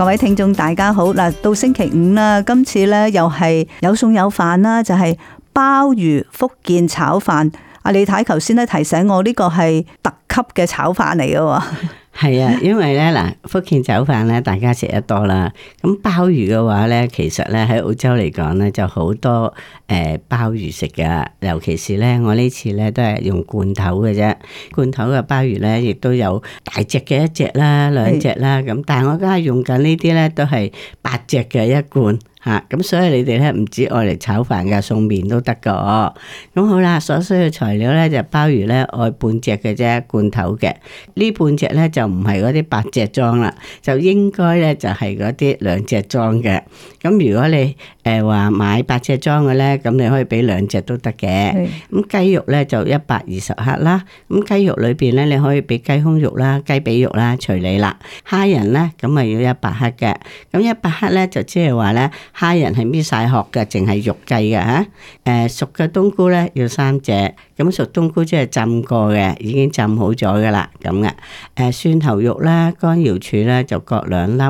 各位聽眾大家好，嗱到星期五啦，今次咧又係有餸有飯啦，就係、是、鮑魚福建炒飯。阿李太頭先咧提醒我呢個係特級嘅炒飯嚟㗎喎。 係啊，因為咧嗱，福建酒飯咧，大家食得多啦。咁鮑魚嘅話咧，其實咧喺澳洲嚟講咧，就好多誒鮑魚食㗎。尤其是咧，我呢次咧都係用罐頭嘅啫，罐頭嘅鮑魚咧，亦都有大隻嘅一隻啦、兩隻啦。咁，但係我家係用緊呢啲咧，都係八隻嘅一罐。嚇，咁、啊、所以你哋咧唔止愛嚟炒飯㗎，送麵都得噶、哦。咁好啦，所需嘅材料咧就鮑魚咧愛半隻嘅啫，罐頭嘅呢半隻咧就唔係嗰啲八隻裝啦，就應該咧就係嗰啲兩隻裝嘅。咁如果你誒話買八隻裝嘅咧，咁你可以俾兩隻都得嘅。咁雞是肉咧就一百二十克啦。咁雞肉裏邊咧你可以俾雞胸肉啦、雞髀肉啦，隨你啦。蝦仁咧咁啊要一百克嘅，咁一百克咧就即係話咧。蝦仁係搣曬殼嘅，淨係肉製嘅。呃，熟嘅冬菇呢，要三隻。咁熟冬菇即係浸過嘅，已經浸好咗噶啦，咁啊，誒，蒜頭肉啦，乾瑤柱啦，就各兩粒，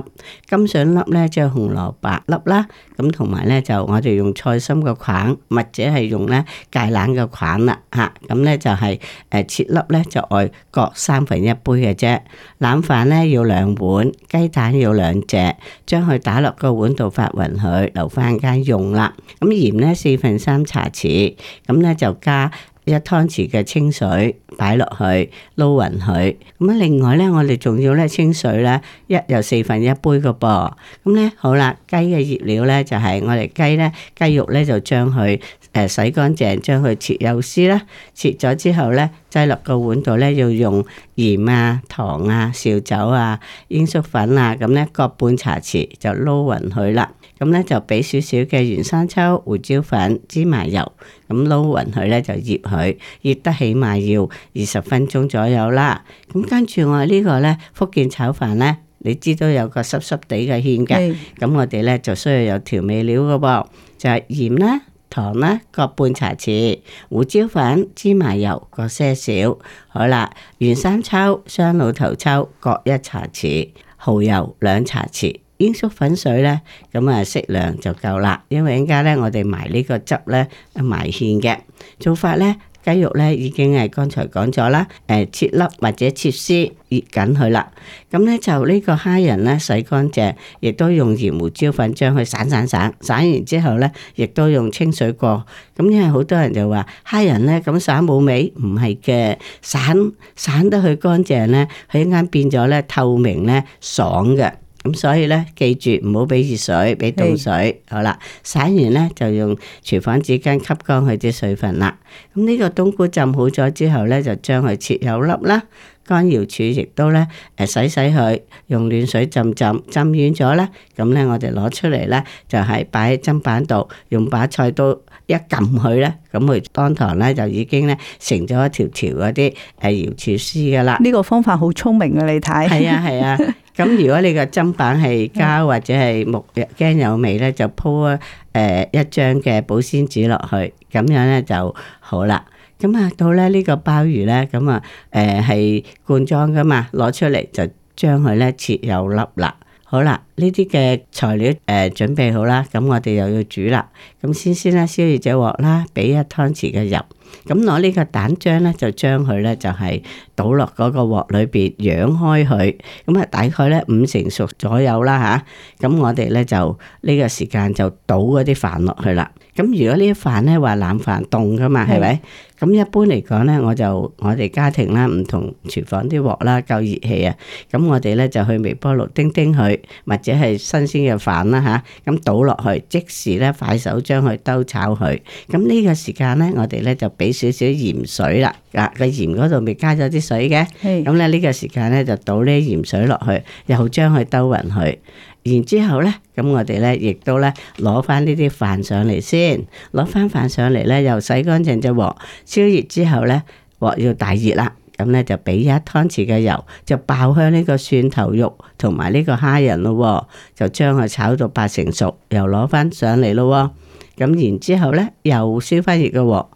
金筍粒咧，即係紅蘿蔔粒啦，咁同埋咧就我哋用菜心個塊，或者係用咧芥蘭個塊啦，吓，咁咧就係誒切粒咧就外各三分一杯嘅啫。冷飯咧要兩碗，雞蛋要兩隻，將佢打落個碗度發匀佢，留翻間用啦，咁鹽咧四分三茶匙，咁咧就加。一湯匙嘅清水擺落去撈匀佢，另外呢，我哋仲要清水咧，一又四分一杯嘅噃，咁咧好啦，雞嘅醃料呢，就係、是、我哋雞呢雞肉呢，就將佢洗乾淨，將佢切幼絲啦，切咗之後呢。擠落個碗度咧，要用鹽啊、糖啊、紹酒啊、鷹粟粉啊，咁咧各半茶匙就撈匀佢啦。咁咧就俾少少嘅原生抽、胡椒粉、芝麻油，咁撈匀佢咧就醃佢，醃得起碼要二十分鐘左右啦。咁跟住我呢個咧福建炒飯咧，你知都有個濕濕地嘅芡嘅，咁我哋咧就需要有調味料嘅噃，就係鹽啦。糖咧各半茶匙，胡椒粉、芝麻油各些少。好啦，原生抽、雙老頭抽各一茶匙，蠔油兩茶匙，鷹粟粉水咧咁啊適量就夠啦。因為而家咧我哋埋呢個汁咧埋芡嘅做法呢。雞肉咧已經係剛才講咗啦，誒切粒或者切絲醃緊佢啦。咁咧就呢個蝦仁咧洗乾淨，亦都用鹽胡椒粉將佢散散散，散完之後咧亦都用清水過。咁因為好多人就話蝦仁咧咁散冇味，唔係嘅，散散得佢乾淨咧，佢一間變咗咧透明咧爽嘅。咁所以咧，記住唔好俾熱水，俾凍水，是好啦。洗完咧就用廚房紙巾吸乾佢啲水分啦。咁、嗯、呢、呢個冬菇浸好咗之後咧，就將佢切有粒啦。乾瑤柱亦都咧，誒洗洗佢，用暖水浸浸，浸軟咗咧，咁咧我哋攞出嚟咧，就係擺喺砧板度，用把菜刀一撳佢咧，咁佢當堂咧就已經咧成咗一條條嗰啲誒瑤柱絲噶啦。呢個方法好聰明啊！你睇，係啊，係啊。咁、啊、如果你個砧板係膠或者係木驚有味咧，就鋪一誒一張嘅保鮮紙落去，咁樣咧就好啦。咁啊，到咧呢個鮑魚咧，咁、嗯、啊，誒係罐裝噶嘛，攞出嚟就將佢咧切幼粒啦。好啦，呢啲嘅材料誒準備好啦，咁、嗯、我哋又要煮啦。咁、嗯、先先咧，燒熱隻鑊啦，俾一湯匙嘅油。咁攞呢個蛋漿咧，就將佢咧就係倒落嗰個鑊裏邊，揚開佢。咁、嗯、啊，大概咧五成熟左右啦吓，咁、啊嗯、我哋咧就呢個時間就倒嗰啲飯落去啦。咁、嗯、如果呢啲飯咧話冷飯凍噶嘛，係咪是？咁一般嚟講咧，我就我哋家庭啦，唔同廚房啲鑊啦夠熱氣啊，咁我哋咧就去微波爐叮叮佢，或者係新鮮嘅飯啦吓，咁、啊、倒落去，即時咧快手將佢兜炒佢。咁、這、呢、個啊、是個時間咧，我哋咧就俾少少鹽水啦，啊個鹽嗰度未加咗啲水嘅，咁咧呢個時間咧就倒啲鹽水落去，又將佢兜勻佢。然之後咧，咁我哋咧亦都咧攞翻呢啲飯上嚟先，攞翻飯上嚟咧，又洗乾淨隻鑊，燒熱之後咧，鑊要大熱啦，咁咧就俾一湯匙嘅油，就爆香呢個蒜頭肉同埋呢個蝦仁咯喎，就將佢炒到八成熟，又攞翻上嚟咯，咁然之後咧又燒翻熱個鑊。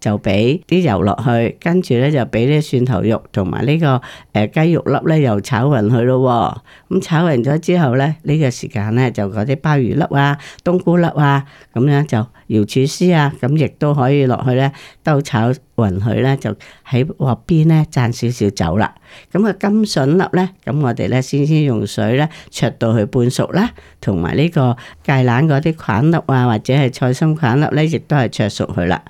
就俾啲油落去，跟住咧就俾啲蒜頭肉同埋呢個誒雞肉粒咧，又炒匀佢咯。咁、嗯、炒匀咗之後咧，呢、呢個時間咧就嗰啲鮑魚粒啊、冬菇粒啊，咁樣就瑤柱絲啊，咁亦都可以落去咧，都炒匀佢咧，就喺鑊邊咧讚少少酒啦。咁、嗯、啊，甘笋粒咧，咁我哋咧先先用水咧焯到佢半熟啦，同埋呢個芥蘭嗰啲菌粒啊，或者係菜心菌粒咧，亦都係焯熟佢啦。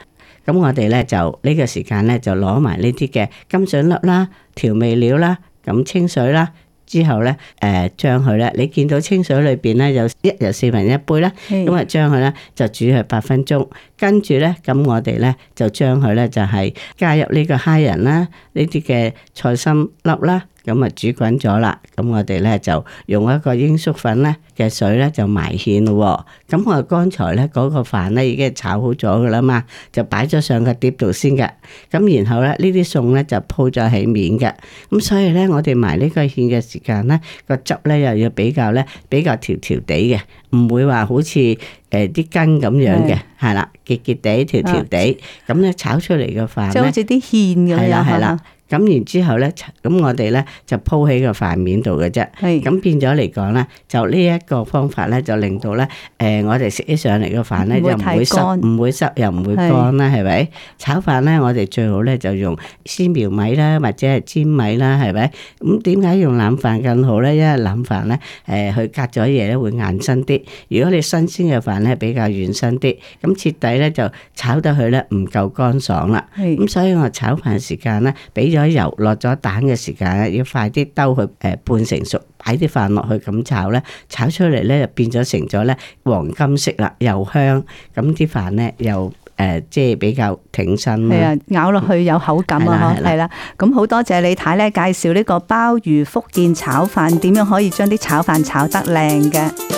咁我哋咧就呢個時間咧就攞埋呢啲嘅金笋粒啦、調味料啦、咁清水啦，之後咧誒將佢咧，你見到清水裏邊咧有一日四分一杯啦，咁啊將佢咧就煮佢八分鐘，跟住咧咁我哋咧就將佢咧就係加入呢個蝦仁啦、呢啲嘅菜心粒啦。咁啊煮滾咗啦，咁我哋咧就用一個鷹粟粉咧嘅水咧就埋芡咯。咁我哋剛才咧嗰個飯咧已經炒好咗噶啦嘛，就擺咗上個碟度先噶。咁然後咧呢啲餸咧就鋪咗喺面嘅。咁所以咧我哋埋呢個芡嘅時間咧個汁咧又要比較咧比較條條地嘅，唔會話好似誒啲羹咁樣嘅，係啦結結地條條地。咁咧、啊、炒出嚟嘅飯就好似啲芡咁樣係啦。咁然之後咧，咁我哋咧就鋪喺個飯面度嘅啫。咁變咗嚟講咧，就呢一個方法咧，就令到咧，誒我哋食起上嚟個飯咧，又唔會濕，唔會濕又唔會乾啦，係咪？炒飯咧，我哋最好咧就用鮮苗米啦，或者係粘米啦，係咪？咁點解用冷飯更好咧？因為冷飯咧，誒佢隔咗嘢咧會硬身啲。如果你新鮮嘅飯咧比較軟身啲，咁徹底咧就炒得佢咧唔夠乾爽啦。咁所以我炒飯時間咧俾咗。油落咗蛋嘅時間咧，要快啲兜佢，誒、呃，半成熟，擺啲飯落去咁炒咧，炒出嚟咧就變咗成咗咧黃金色啦，又香，咁啲飯咧又誒，即係比較挺身。係啊，咬落去有口感啊，係啦。咁好多謝李太咧介紹呢個鮑魚福建炒飯，點樣可以將啲炒飯炒得靚嘅？